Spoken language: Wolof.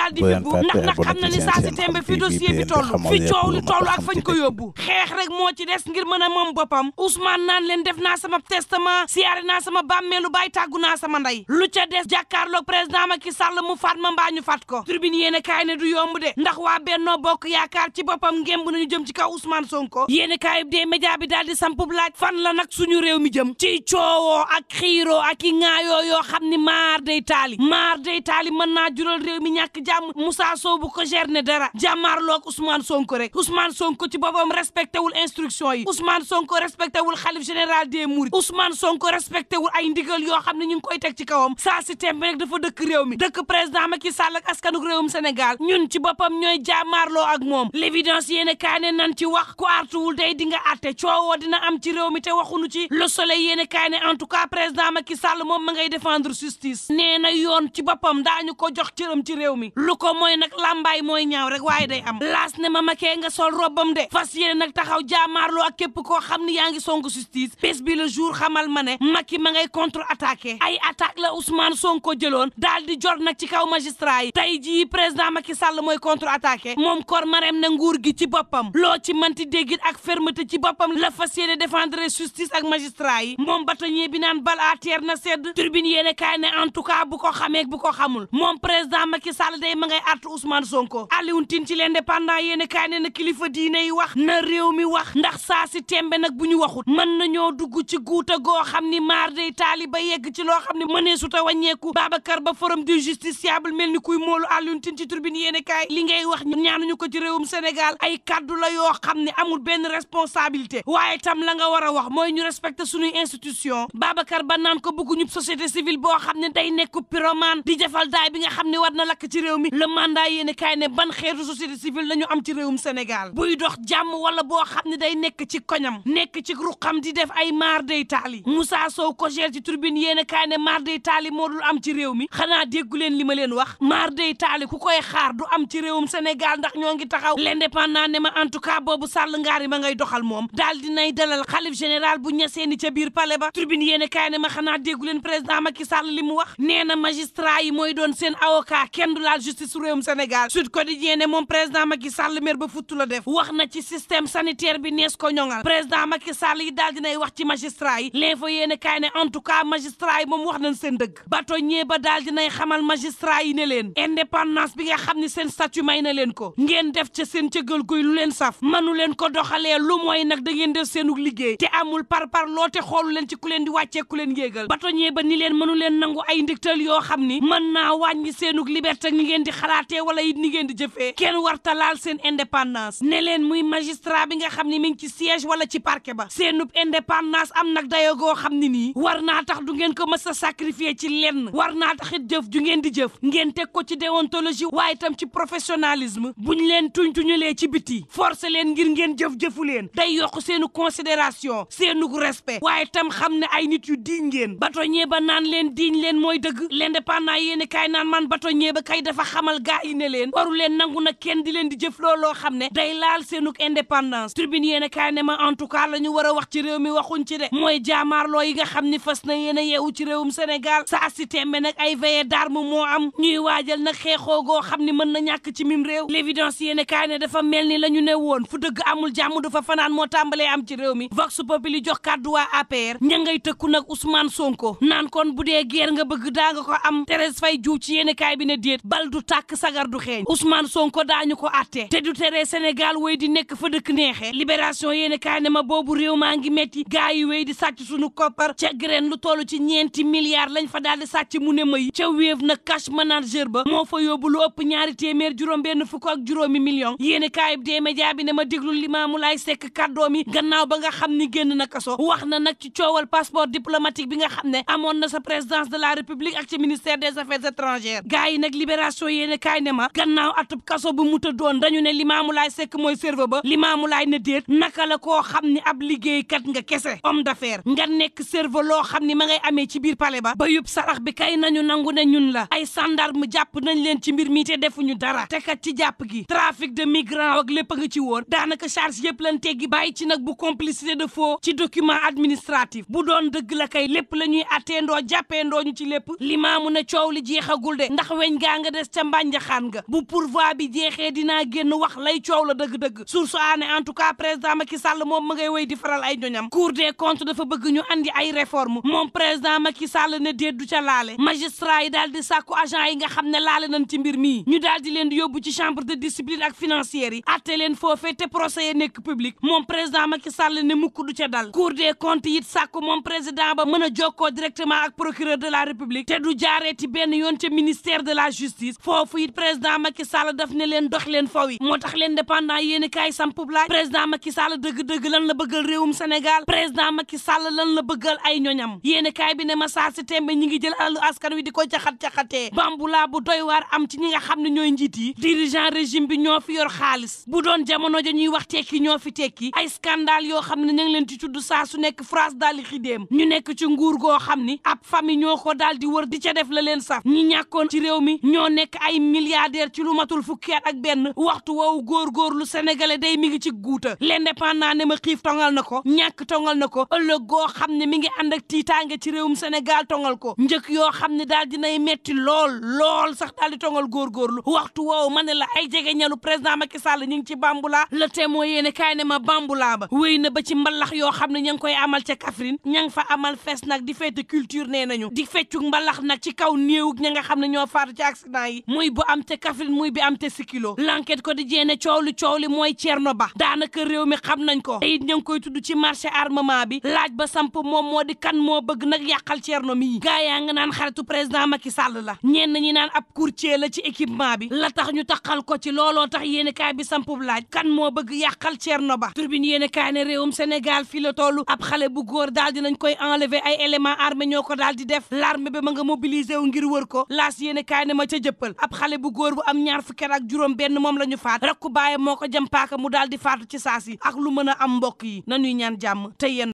daal di yóbbu ndax xam na ni saa si tembe fi dossier bi fi coow li toll ak fañ ko yóbbu xeex rek moo ci des ngir mën a moom boppam Ousmane naan leen def naa sama testament siyaare naa sama bàmmeelu bàyyi tàggu naa sama ndey lu ca des jàkkaarloog président ki Sall mu faat ma mbaa ñu faat ko tribune yéene kaay ne du yomb de ndax waa Bennoo Bokk Yaakaar ci boppam ngémb nañu jëm ci kaw Ousmane Sonko yéene kaay des média bi daal di sampub laaj fan la nag suñu réew mi jëm ci ak xiiroo ak i ŋaayoo jàmm Moussa Sow bu ko gerne dara jàmmaarloog Ousmane Sonko rek Ousmane Sonko ci boppam respecté wul instruction yi Ousmane Sonko respecté wul xalif général des Mourides Ousmane Sonko respecté wul ay ndigal yoo xam ne ñu ngi koy teg ci kawam sa si temb rek dafa dëkk réew mi dëkk président Macky Sall ak askanuk réewum Sénégal ñun ci boppam ñooy jàmmaarloo ak moom l'évidence yéene kaay ne nan ci wax ku artuwul day di nga àtte coowoo dina am ci réew mi te waxunu ci le soleil yéene kaay en tout cas président Macky Sall moom ma ngay défendre justice nee na yoon ci boppam daañu ko jox cëram ci réew mi lu ko mooy nag làmbaay mooy ñaaw rek waaye day am laas ne ma makee nga sol robam de fas yéene nag taxaw jaamaarloo ak képp koo xam ni yaa ngi song justice bés bi le jour xamal ma ne Macky ma ngay contre attaqué ay attaque la Ousmane Sonko jëloon daal di jor nag ci kaw magistrat yi tey jii président Macky Sall mooy contre attaqué moom kor mareem ne nguur gi ci boppam loo ci manti déggit ak fermeté ci boppam la fas yéene défendre justice ak magistrat yi moom batañee bi naan bal à na sedd turbine yéene kaay en tout cas bu ko xamee bu ko xamul moom président Macky Sall loolee ma ngay àtt Ousmane Sonko Alioune Tine ci l'indépendant yéen kaay nee na kilifa diine yi wax na réew mi wax ndax saa si tembe nag bu ñu waxut mën ñoo dugg ci guuta goo xam ni maar day taali ba yegg ci loo xam ne mënee su ta wàññeeku Babacar ba forum du justiciable mel ni kuy moolu Alioune Tine ci turbine yéen kaay li ngay wax ñu ko ci réewum Sénégal ay kaddu la yoo xam ne amul benn responsabilité waaye tam la nga war a wax mooy ñu respecté suñuy institution Babacar ba naan ko bëgguñu société civile boo xam ne day nekk pyromane di jafal daay bi nga xam ne war na lakk ci réew mi le mandat yéene kaay ne ban xeetu société civile la ñu am ci réewum Sénégal buy dox jàmm wala boo xam ne day nekk ci koñam nekk ci ruqam di def ay maar day taali Moussa Sow ko gère ci turbine yéene kaay ne maar day taali moo dul am ci réew mi xanaa déggu leen li ma leen wax maar day taali ku koy xaar du am ci réewum Sénégal ndax ñoo ngi taxaw l'indépendant ne ma en tout cas boobu sàll ngaari ma ngay doxal moom daal dinay dalal xalif général bu ñaseeni ca biir palais ba turbine yéene kaay ne ma xanaa déggu leen président li mu wax nee yi mooy doon seen avocat kenn justice réewum Sénégal moom président Macky Sall ba futtu la def wax na ci système sanitaire bi nees ko ñoŋal président Macky yi daal wax ci magistrat yi l'info yéen a kaay ne en tout cas magistrat yi moom wax nañ seen dëgg bâtonnier ba daal xamal magistrat yi ne leen indépendance bi ga xam ne seen statut may na leen ko ngeen def ca seen cëgal guy lu leen saf manu leen ko doxalee lu mooy nag da ngeen def seenug liggéey te amul par par loote xoolu ngeen di xalaatee wala it ni di jëfee kenn warta laal seen indépendance ne leen muy magistrat bi nga xam ni mi ngi ci siège wala ci parquet ba seenub indépendance am nag dayoo goo xam ne ni war naa tax du ngeen ko mës a sacrifier ci lenn war naa taxit jëf ju ngeen di jëf ngeen teg ko ci déontologie waaye tam ci professionnalisme buñ leen tuñ le ci biti forcé leen ngir ngeen jëf-jëfu leen day yokk seenu considération seenu respect waaye itam xam ne ay nit yu diñ ngeen batoñee ba naan leen diñ leen mooy dëgg l'indépendant yéen kaay naan man batoñee ba kay xamal gaa yi ne leen waru leen nangu nag kenn di leen di jëf loo xam ne day laal seenug indépendance tribune yéen a ne ma en tout cas la ñu war a wax ci réew mi waxuñ ci de mooy jaamaarloo yi nga xam ni fas na yéen a yeewu ci réewum Sénégal saa si tembe nag ay veillée d'armes moo am ñuy waajal nag xeexoo goo xam ni mën na ñàkk ci mim réew l'évidence yéen a kaay ne dafa mel ni la ñu ne woon fu dëgg amul jàmm dafa fanaan moo tàmbalee am ci réew mi vox populi jox kàddu waa APR ña ngay tëkku nag Sonko naan kon bu dee guerre nga bëgg daa nga ko am ci yéen kaay bi ne déet bal du tàkk sagar du xeeñ Ousmane ko daañu ko atte te du tere Sénégal wéy di nekk fa dëkk neexee libération yéene kaay ne ma boobu réew maa ngi metti gaa yi wéy di sàcc suñu koppar ca lu toll ci ñeenti milliards lañ fa daal di mu ne may ca wéef na cash manager ba moo fa yóbbu lu ëpp ñaari téeméer juróom benn fukk ak juróomi million yéene kaay dee média bi ne ma déglu Limaamu Laay Sekk kàddoom gannaaw ba nga xam ni génn na kaso wax na nag ci coowal bi nga xam ne amoon na sa présidence de la république ak ci ministère des affaires étrangères gaa yi libération yéen kaay ne ma gannaaw atub kaso bu mu tëddoon dañu ne limaamu laay sek mooy serveur ba limaamu laay ne déet naka la koo xam ni ab liggéey kat nga kese homme d'affaires nga nekk serveur loo xam ni ma ngay amee ci biir palais ba ba yub sarax bi kay nañu nangu ne ñun la ay gendarme jàpp nañ leen ci mbir mi te defuñu dara te kat ci jàpp gi trafic de migrants ak lépp nga ci woon daanaka charge yëpp lan te gi bàyyi ci nag bu complicité de faux ci document administratif bu doon dëgg la kay lépp la ñuy atteendoo jàppeendoo ñu ci lépp limaamu ne coow li jeexagul de ndax weñ nga des ca mbànjaxaan nga bu pourvoi bi jeexee dina génn wax lay coow la dëgg-dëgg source aane en tout cas président Macky Sall moom ma ngay wéy di faral ay ñoñam cour des comptes dafa bëgg ñu andi ay réforme moom président Macky Sall ne déet du ca laale magistrat yi daal di sàkku agent yi nga xam ne laale nañ ci mbir mii ñu daal di leen di yóbbu ci chambre de discipline ak financière yi atte leen foofee te procès ya nekk public moom président Macky Sall ne mukk du ca dal cour moom président ba mën a jokkoo directement ak procureur de la république du jaaree ci benn yoon ca ministère de la justice foofu it président Macky Sall daf ne leen dox leen faw yi moo tax leen dépendant yéen i kaay sampub laaj président Macky Sall dëgg-dëgg lan la bëggal réewum Sénégal président Macky Sall lan la bëggal ay ñoñam yéen i kaay bi ne ma saa si tembe ñi ngi jël alalu askan wi di ko caxat-caxatee bambulaa bu doy war am ci ñi nga xam ne ñooy njiit yi dirigeant régime bi ñoo fi yor xaalis bu doon jamono ja ñuy wax tekki ñoo fi tekki ay scandale yoo xam ne ñu ngi leen ci tudd saa su nekk France daal di xidéem ñu nekk ci nguur goo xam ni ab famille ñoo ko daal di wër di ca def la leen saf ñi ñàkkoon ci réew mi ñoo nekk nekk ay milliardaire ci lu matul fukki ak benn waxtu woowu lu sénégalais day mi ngi ci guuta l'indépendant ne ma xiif tongal na ko ñàkk tongal na ko ëllëg goo xam ne mi ngi ànd ak tiitaange ci réewum senegal tongal ko njëkk yoo xam ne daal dinay metti lool lool sax daal di tongal góorgóorlu waxtu woowu ma ne la ay jege ñalu président Macky Sall ñu ngi ci bambula le témoin yéene kaay ne ma bambula ba wéy na ba ci mbalax yoo xam ne ña ngi koy amal ca Kaffrine ña fa amal fees nag di fête culture nee nañu di feccuk mbalax nag ci kaw néewug ña nga xam ne ñoo faatu ci accident yi yi muy bu am te Kaffrine muy bi am te Sikilo l'enquête ko di jeene coow li coow li mooy Thierno Ba daanaka réew mi xam nañ ko it ña ngi koy tudd ci marché armement bi laaj ba samp moom moo di kan moo bëgg nag yàqal Thierno mii gaa yaa nga naan xaritu président Macky Sall la ñenn ñi naan ab courtier la ci équipement bi la tax ñu taxal ko ci looloo tax yéene kaay bi sampub laaj kan moo bëgg yàqal Thierno Ba turbine yéene kaay ne réewum Sénégal fii la tollu ab xale bu góor daal nañ koy enlever ay élément armée ñoo ko daal di def l'armée bi ma nga mobiliser wu ngir wër ko laas yéene kaay ma ca jëppal jëppal ab xale bu góor bu am ñaar fukki at juróom benn moom la ñu faat rakku baayam moo ko jëm mu dal di faatu ci saasi ak lu mën a am mbokk yi nañuy ñaan jàmm te yéen